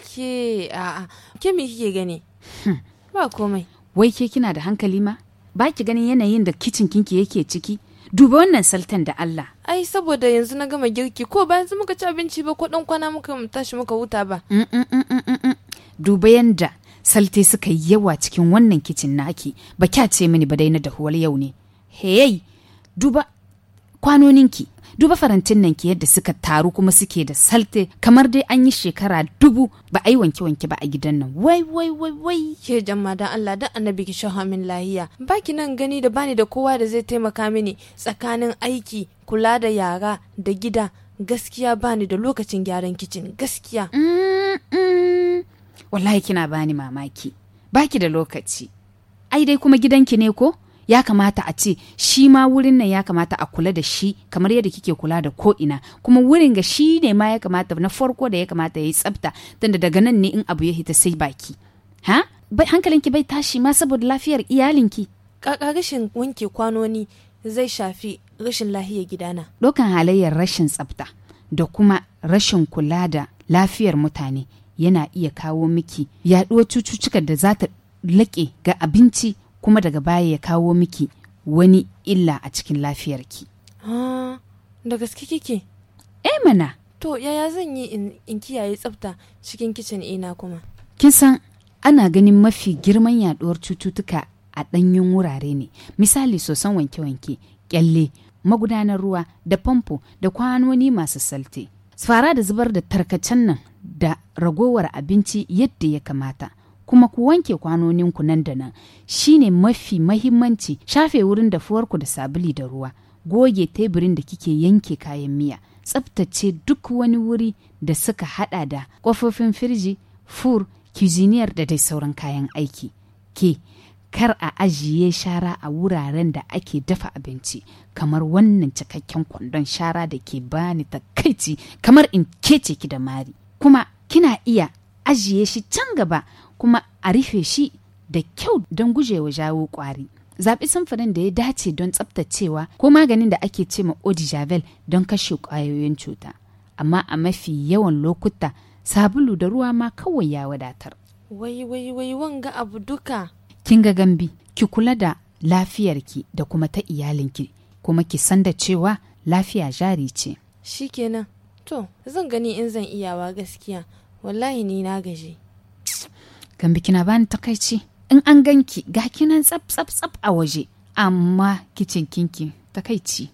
Ke a'a, ke me kike gani? Hmm. Ba komai. Wai ke kina da hankali ma? Ba ki ganin yanayin da kicin kinki yake ciki? Duba wannan saltan da Allah. Ai saboda yanzu na gama girki ko ba yanzu muka ci abinci ba ko dan kwana muka tashi muka huta ba. Mm, mm, mm, Duba yanda salte suka yi yawa cikin wannan kicin naki ba kya ce mini ba dai na dahuwar yau ne. Hey, duba kwanoninki duba farantin nan ki yadda suka taru kuma suke da salte kamar dai an yi shekara dubu ba a yi wanke wanke ba a gidan nan wai wai wai wai ke jama da Allah dan annabi ki shaha min lahiya baki nan gani da bani da kowa da zai taimaka mini tsakanin aiki kula da yara da gida gaskiya bani da lokacin gyaran kicin gaskiya mm, mm. wallahi kina bani mamaki baki da lokaci ai dai kuma gidanki ne ko ya kamata a ce shi ma wurin nan ya kamata a kula da shi kamar yadda kike kula da ko ina kuma wurin ga shi ne ma ya kamata na farko da ya kamata yayi tsabta tunda daga nan ne in abu ya hita sai baki ha bai hankalinki bai tashi ma saboda lafiyar iyalinki kaka rashin wanke kwanoni zai shafi rashin lafiyar gidana dokan halayyar rashin tsafta da kuma rashin kula da lafiyar mutane yana iya kawo miki yaɗuwar cututtukan da za ta laƙe ga abinci kuma daga baya ya kawo miki wani illa a cikin lafiyarki. Ah, da gaske kike? Eh mana. To yaya zan yi in kiyaye tsafta cikin kicin ina kuma? Kin san ana ganin mafi girman yaduwar cututtuka a ɗanyen wurare ne. Misali sosan wanke-wanke, kyalle, magudanar ruwa da famfo da kwanoni masu salte. Fara da zubar da tarkacen nan da ragowar abinci yadda ya kamata. kuma ku wanke kwanoninku nan da nan shine mafi mahimmanci shafe wurin dafuwarku da sabuli da ruwa goge teburin da kike yanke kayan miya tsaftace duk wani wuri da suka hada da kofofin firji fur kiziniyar da dai sauran kayan aiki ke kar a ajiye shara a wuraren da ake dafa abinci kamar wannan cikakken kwandon shara da ke bani takaici kamar in kece ki da mari kuma kina iya ajiye shi can gaba kuma a rufe shi da kyau don gujewa jawo kwari zaɓi samfurin da ya dace don tsaftacewa ko maganin da ake ce ma javel don kashe ƙwayoyin cuta amma a mafi yawan lokuta sabulu da ruwa ma kawai ya wadatar wai wai wai wanga abu duka kin ga gambi ki kula da lafiyarki da kuma ta iyalinki kuma ki san da cewa lafiya jari ce shikenan to zan gani in zan iyawa gaskiya wallahi ni na gaji Gambi kina bani takaici. In an ganki ga kinan tsab tsab tsab a waje amma kicin kinki takaici.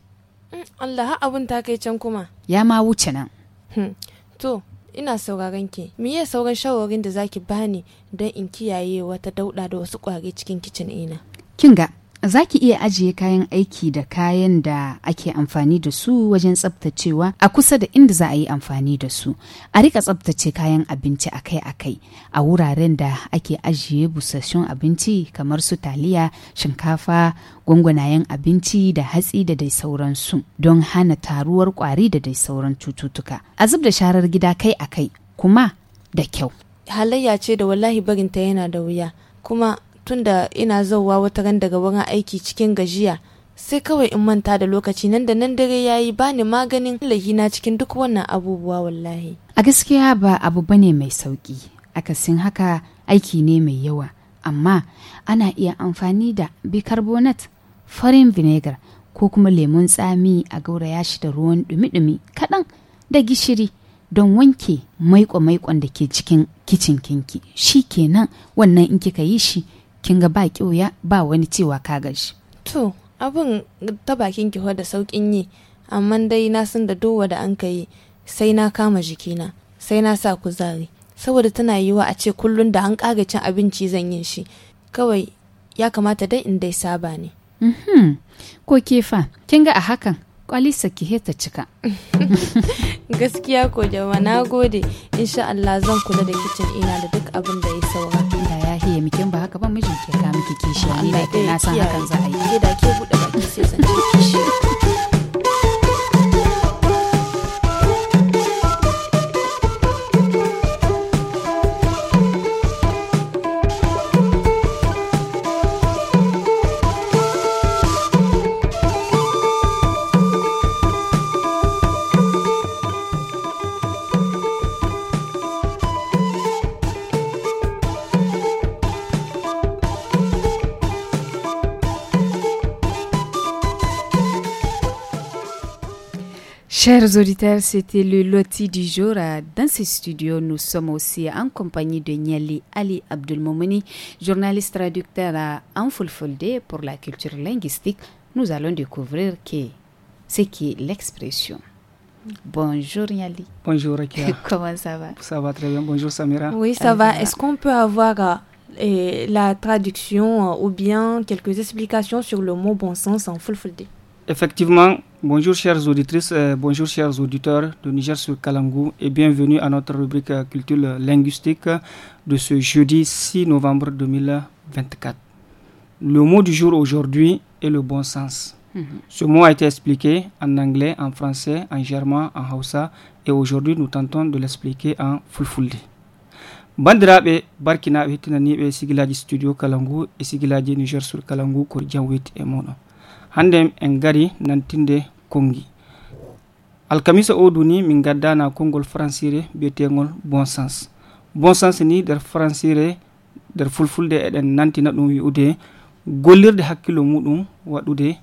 Mm, Allah abin takaicen kuma. Ya ma wuce nan. Hmm, to, ina sauraron ki. Me ya sauran shawarin da zaki bani don in kiyaye wata dauɗa da wasu ƙwari cikin kicin ina? Kinga, Za ki iya ajiye kayan aiki da kayan da ake amfani da su wajen tsabtacewa a kusa da inda za a yi amfani da su. A rika tsabtace kayan abinci akai-akai a wuraren da ake ajiye busassun abinci kamar su taliya, shinkafa, gwangwanayen abinci da hatsi da dai sauransu don hana taruwar kwari da dai sauran cututtuka. A zub da sharar gida kai-akai kuma da kyau. Halayya ce da wallahi barinta yana da wuya kuma tunda ina zauwa wata ran daga wurin aiki cikin gajiya sai kawai in manta da lokaci nan da nan dare ya yayi bani maganin lahina cikin duk wannan abubuwa wallahi a gaskiya ba abu ne mai sauki akasin haka aiki ne mai yawa amma ana iya amfani da bicarbonate farin vinegar ko kuma lemon tsami a gauraya shi da ruwan dumi-dumi kaɗan da gishiri don wanke maiko maiƙon da ke cikin kicin kinki shi kenan wannan in kika yi shi kin ga ba ƙiuya ba wani cewa ka gaji. To, abin ta bakin ki da sauƙin yi, amma dai na san da dowa da an ka yi sai na kama jikina, sai na sa kuzari. Saboda tana yiwa a ce kullum da an ƙaga cin abinci zan yin shi, kawai ya kamata dai in dai saba ne. Mhm. Ko kefa, kin ga a hakan kwalisa ki heta cika gaskiya ko jama na gode insha Allah zan kula da kicin ina da duk abin da ya saura Allah ya hiye miki ba haka ba mijin ke ka miki kishi ni da na san hakan za a yi da ke bude baki sai san kishi Chers auditeurs, c'était le loti du jour. Euh, Dans ce studio, nous sommes aussi en compagnie de Niali Ali Abdelmoumouni, journaliste traducteur euh, en foldé pour la culture linguistique. Nous allons découvrir ce est l'expression. Bonjour Niali. Bonjour Akia. Comment ça va Ça va très bien. Bonjour Samira. Oui, ça, va. Est-ce qu'on peut avoir euh, la traduction ou bien quelques explications sur le mot bon sens en foldé Effectivement, Bonjour chères auditrices, euh, bonjour chers auditeurs de Niger sur Kalangu et bienvenue à notre rubrique euh, culture linguistique de ce jeudi 6 novembre 2024. Le mot du jour aujourd'hui est le bon sens. Mhm. Ce mot a été expliqué en anglais, en français, en germain, en hausa et aujourd'hui nous tentons de l'expliquer en fulfulde. sigilaji studio kalangu niger sur kalangu e mono. hande nantinde kongi alkamisa o du ni min gaddana kongol francire biyetegol bon sens bon sens ni nder francire nder fulfulde eɗen nantina ɗum wi'ude gollirde hakkillo muɗum waɗude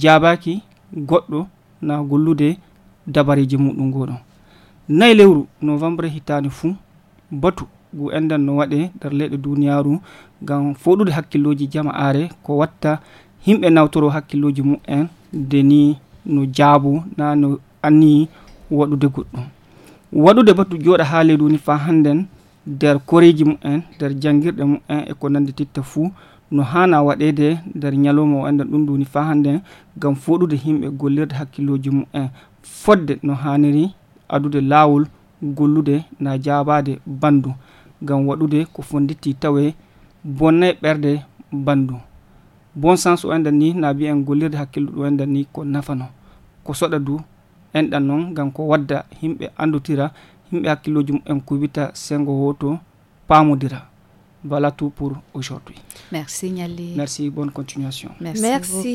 jabaki goɗɗo na gollude dabareji muɗum goɗo nayi lewru novembre hitani fuu batu gu enden no waɗe nder leɗe duniyaru ngam foɗude hakkilloji jama are ko watta himɓe nawtoro hakkilloji mu'en de ni no jaabu na no anni waɗude goɗɗum waɗude ba to jooɗa haa leydu ni faa hannden nder koreji mumen nder janngirɗe mumen e ko nanndi titta fuu no haana waɗeede nder ñalowma o annden ɗum ndu ni faa hannden ngam foɗude himɓe gollirde hakkilloji mumen fodde no haaniri adude laawol gollude na jaabaade banndu ngam waɗude ko fonditti tawe bonnay ɓerde banndu bon sens o enɗan na bien gollirde hakkillo ɗum enɗan ni ko nafano ko soɗa du enɗan noon wadda himbe andutira himɓe hakkilloji en kubita sengo woto Voilà tout pour aujourd'hui. Merci Nyali. Merci, bonne continuation. Merci,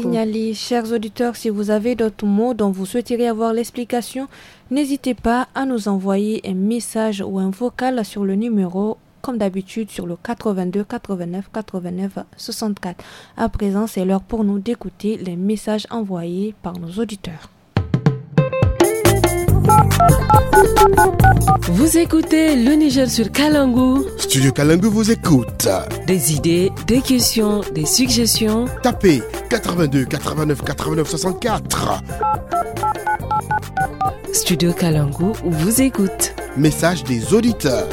Merci Chers auditeurs, si vous avez d'autres mots dont vous souhaiteriez avoir l'explication, n'hésitez pas à nous envoyer un message ou un vocal sur le numéro comme d'habitude sur le 82 89 89 64. À présent, c'est l'heure pour nous d'écouter les messages envoyés par nos auditeurs. Vous écoutez le Niger sur Kalangu. Studio Kalangu vous écoute. Des idées, des questions, des suggestions. Tapez 82 89 89 64. Studio Kalangu vous écoute. Message des auditeurs.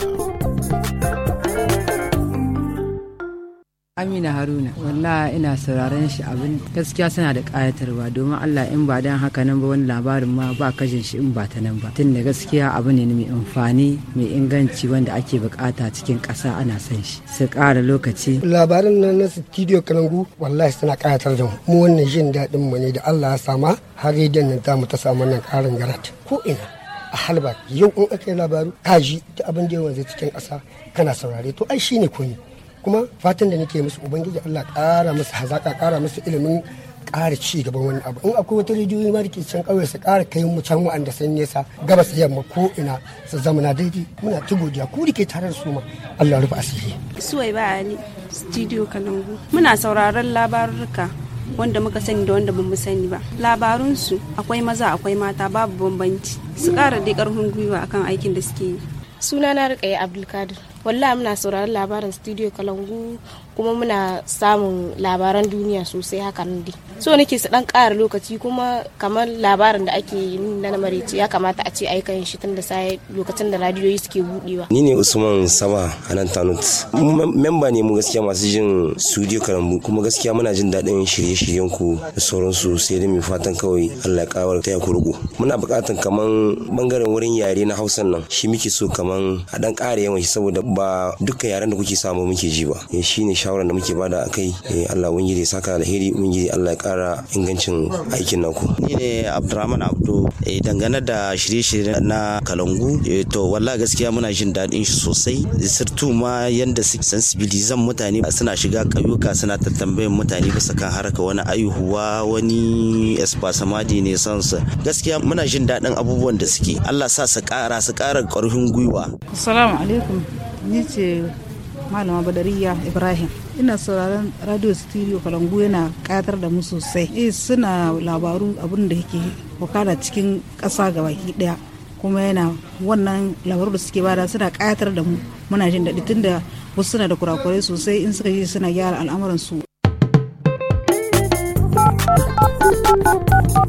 Amina Haruna wallahi ina sauraron shi abin gaskiya suna da ƙayatarwa. domin Allah in ba dan haka nan ba wani labarin ma ba kashin shi in ba ta nan ba tun da gaskiya abu ne mai amfani mai inganci wanda ake bukata cikin ƙasa ana son shi su ƙara lokaci labarin nan na studio Kalangu wallahi suna kayatar da mu mu wannan jin daɗin mu ne da Allah ya sama har idan nan ta mu ta samu nan ƙarin garat ko ina a halba yau in aka yi labaru kaji ta abin da yawan zai cikin ƙasa kana saurare to ai shine kuni kuma fatan da nake musu ubangiji Allah ƙara musu hazaƙa ƙara musu ilimin ƙara ci gaban wani abu in akwai wata rijiyoyi ma dake can ƙauye su ƙara kai mu can wa'anda sun nesa gabas yamma ko ina su zama na daidai muna ta godiya ku rike tare da su ma Allah rufe asiri suwai ba ali studio kanangu muna sauraron labarurka wanda muka sani da wanda bamu sani ba labarun su akwai maza akwai mata babu bambanci su kara dai karfin gwiwa akan aikin da suke yi suna na rikaye abdulkadir wallahi muna sauraron labarin studio kalangu kuma muna samun labaran duniya sosai hakan dai so nake su dan ƙara lokaci kuma kamar labarin da ake yi na namarici ya kamata a ce a yi kan shi tun da sai lokacin da radiyoyi suke budewa ni ne usman sama anan tanut memba ne mu gaskiya masu jin studio karambu kuma gaskiya muna jin daɗin shirye-shiryen ku da sauransu sai dai mai fatan kawai Allah ya kawar ta ya muna buƙatan kaman bangaren wurin yare na hausan nan shi muke so kaman a dan ƙara yawan shi saboda ba dukkan yaren da kuke samu muke ji ba eh, ne shawaran da muke bada a kai eh, Allah wani yi saka alheri yi Allah ya kara ingancin aikin naku ni ne Abdurrahman Abdu eh, dangane da shirye-shirye na Kalangu eh, to walla gaskiya muna jin daɗin shi sosai sirtu ma yanda su sensibilizan mutane suna shiga ƙauyuka suna tattambayin mutane bisa kan haraka wani aihuwa wani espasamadi ne sansa gaskiya muna jin daɗin abubuwan da suke Allah sa su ƙara su ƙara ƙarfin gwiwa assalamu alaikum ni ce malama badariya ibrahim ina sauraron radio studio kalangu yana katar da mu sosai eh suna labaru abin da yake wakala cikin ƙasa baki daya kuma yana wannan labaru da suke bada suna kayatar da mu muna jin daɗi tunda wasu suna da kurakurai sosai in suka yi suna gyara al'amuran su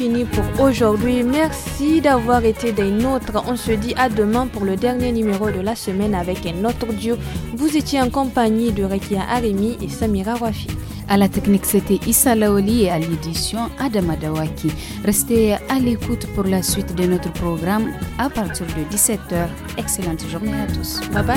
fini pour aujourd'hui. Merci d'avoir été des nôtres. On se dit à demain pour le dernier numéro de la semaine avec un autre duo. Vous étiez en compagnie de Rekia Aremi et Samira Wafi. À la technique, c'était Issa Laoli et à l'édition Adama Dawaki. Restez à l'écoute pour la suite de notre programme à partir de 17h. Excellente journée à tous. Bye bye.